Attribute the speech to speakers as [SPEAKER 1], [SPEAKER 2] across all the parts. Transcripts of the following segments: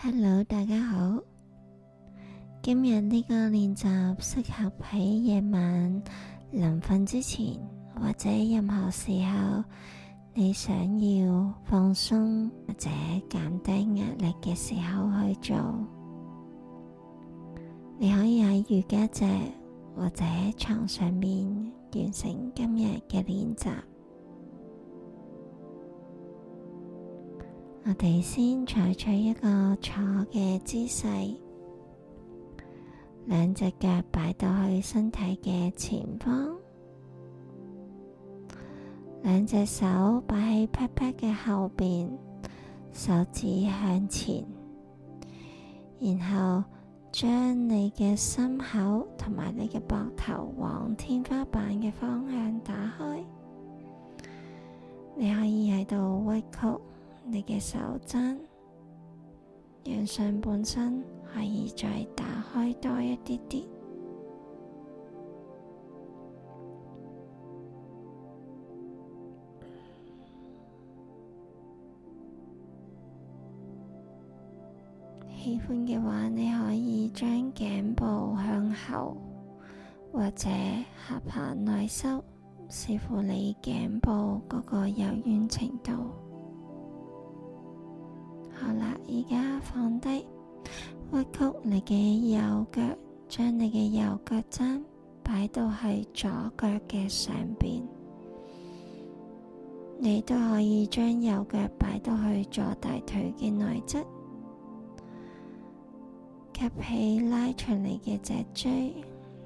[SPEAKER 1] Hello，大家好。今日呢個練習適合喺夜晚臨瞓之前，或者任何時候你想要放鬆或者減低壓力嘅時候去做。你可以喺瑜伽墊或者床上面完成今日嘅練習。我哋先採取一個坐嘅姿勢，兩隻腳擺到去身體嘅前方，兩隻手擺喺屁屁嘅後邊，手指向前，然後將你嘅心口同埋你嘅膊頭往天花板嘅方向打開，你可以喺度屈曲，你嘅手踭，讓上半身可以再打開多一啲啲。喜歡嘅話，你可以將頸部向後，或者下巴內收，視乎你頸部嗰個柔軟程度。好啦，而家放低屈曲你嘅右腳，將你嘅右腳踭擺到去左腳嘅上邊。你都可以將右腳擺到去左大腿嘅內側，吸氣，拉長你嘅脊椎，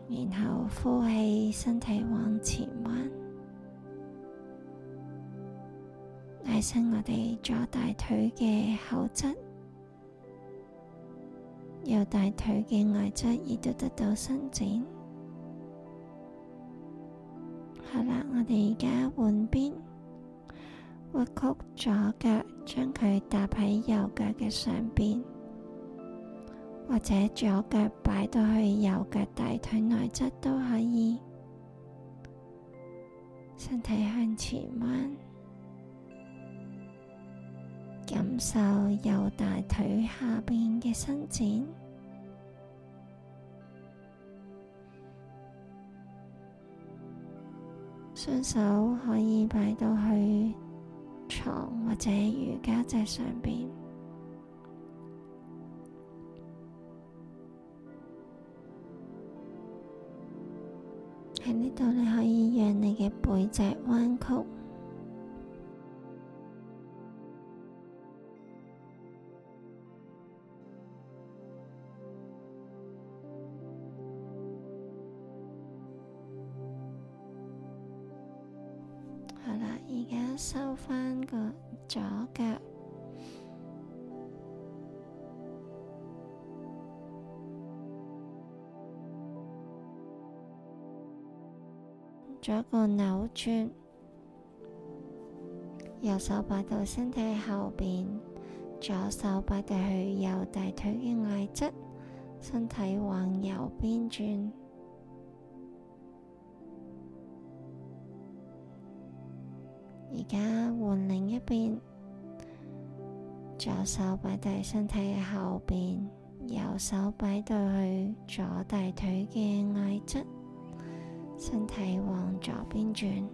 [SPEAKER 1] 然後呼氣，身體往前彎。提升我哋左大腿嘅後側，右大腿嘅外側，亦都得到伸展。好啦，我哋而家換邊，屈曲左腳，將佢搭喺右腳嘅上邊，或者左腳擺到去右腳大腿內側都可以，身體向前彎。感受右大腿下邊嘅伸展，雙手可以擺到去床或者瑜伽席上邊。喺呢度你可以讓你嘅背脊彎曲。收翻個左腳，左一個扭轉。右手擺到身體後邊，左手擺到去右大腿嘅外側，身體往右邊轉。而家換另一邊，左手擺喺身體嘅後邊，右手擺對去左大腿嘅外側，身體往左邊轉。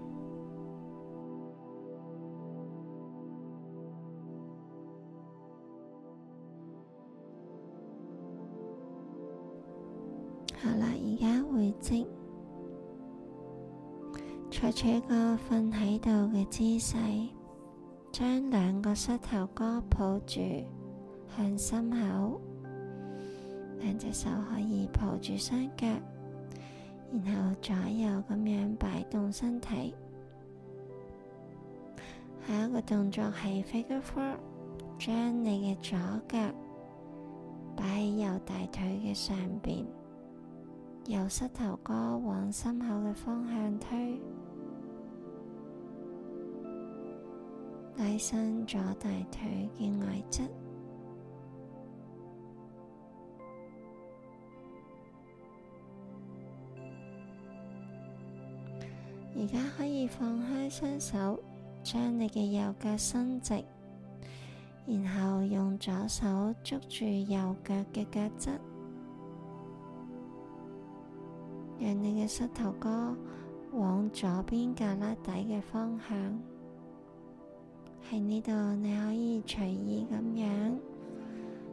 [SPEAKER 1] 好啦，而家回正。採取一個瞓喺度嘅姿勢，將兩個膝頭哥抱住向心口，兩隻手可以抱住雙腳，然後左右咁樣擺動身體。下一個動作係 figure four，將你嘅左腳擺喺右大腿嘅上面。由膝頭哥往心口嘅方向推，拉伸左大腿嘅外側。而家可以放開雙手，將你嘅右腳伸直，然後用左手捉住右腳嘅腳趾。讓你嘅膝頭哥往左邊胳肋底嘅方向，喺呢度你可以隨意咁樣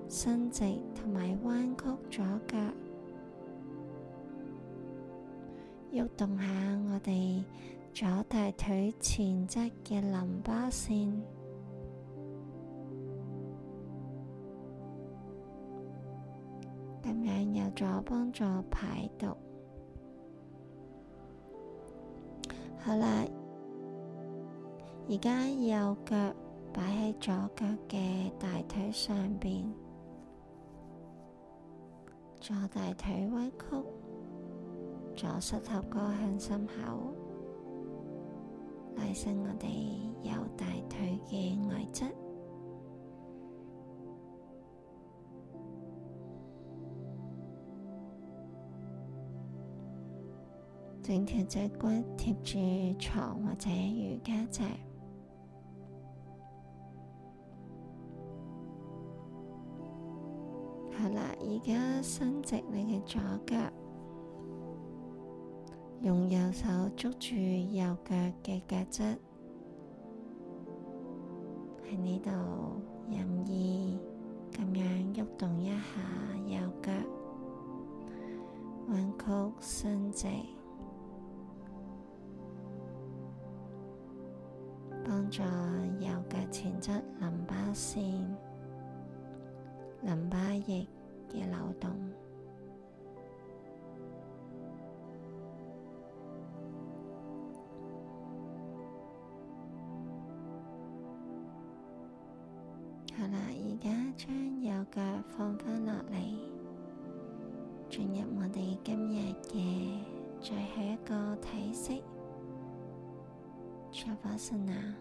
[SPEAKER 1] 伸直同埋彎曲左腳，喐動下我哋左大腿前側嘅淋巴腺，咁樣有助幫助排毒。好啦，而家右腳擺喺左腳嘅大腿上面，左大腿屈曲，左膝頭哥向心口，拉伸我哋右大腿嘅外側。整條脊骨貼住床或者瑜伽席。好啦，而家伸直你嘅左腳，用右手捉住右腳嘅腳趾，喺呢度任意咁樣喐動一。在右腳前側淋巴腺、淋巴液嘅流動。好啦，而家將右腳放翻落嚟，進入我哋今日嘅最後一個體式：chakrasana。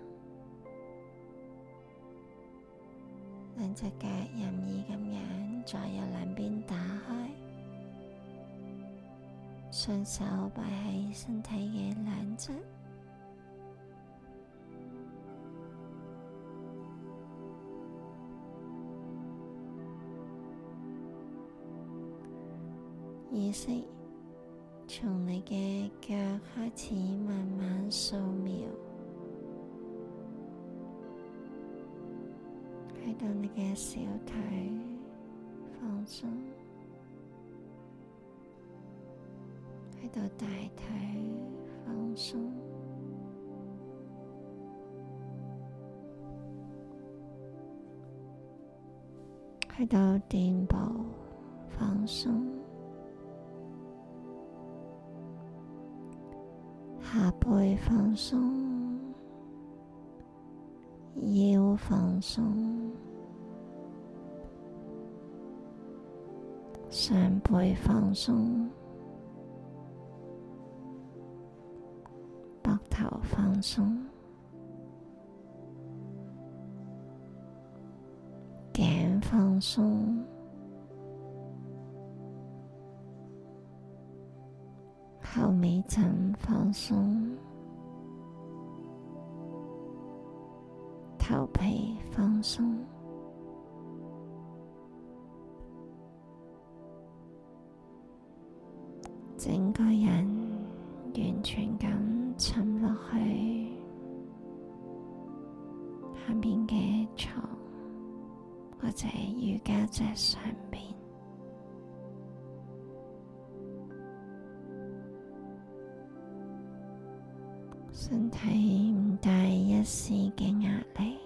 [SPEAKER 1] 兩隻腳任意咁樣左右兩邊打開，雙手擺喺身體嘅兩側，意識從你嘅腳開始慢慢掃描。喺度你嘅小腿放鬆，喺度大腿放鬆，喺度臀部放鬆，下背放鬆，腰放鬆。上背放鬆，膊頭放鬆，頸放鬆，後尾枕放鬆，頭皮放鬆。整個人完全咁沉落去下面嘅床或者瑜伽席上面，身體唔帶一絲嘅壓力，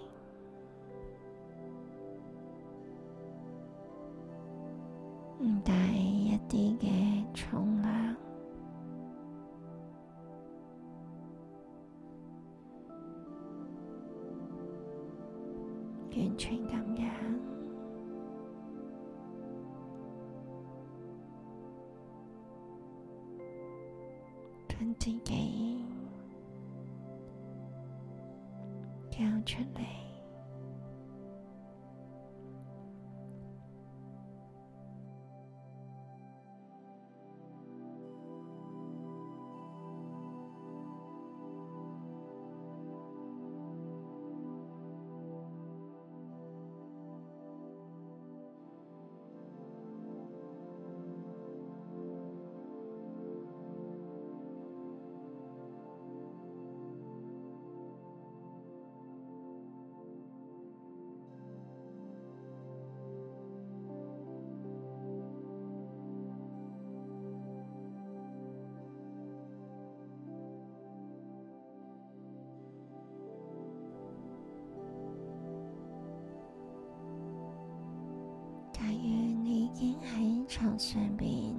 [SPEAKER 1] 唔帶一啲嘅重。教出來。床上邊，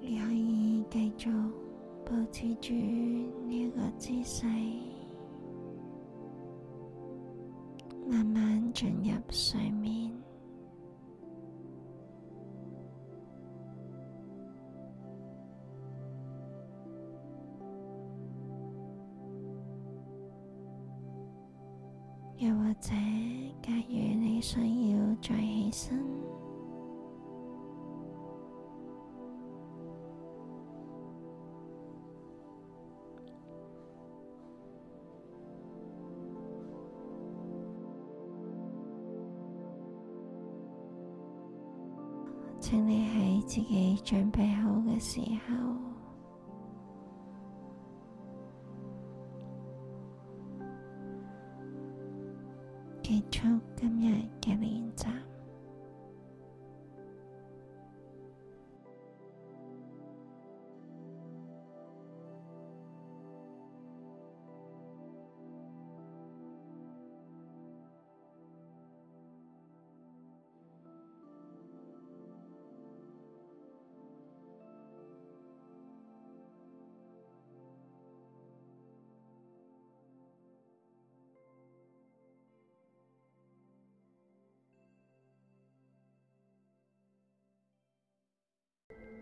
[SPEAKER 1] 你可以繼續保持住呢個姿勢，慢慢進入睡眠，又或者，假如你需要再起身，請你喺自己準備好嘅時候。出今日嘅練習。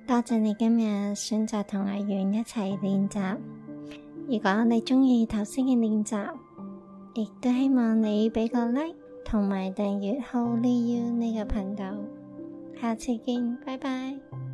[SPEAKER 1] 多謝你今日選擇同阿源一齊練習。如果你中意頭先嘅練習，亦都希望你俾個 like 同埋訂閱 Holy You 呢個頻道。下次見，拜拜。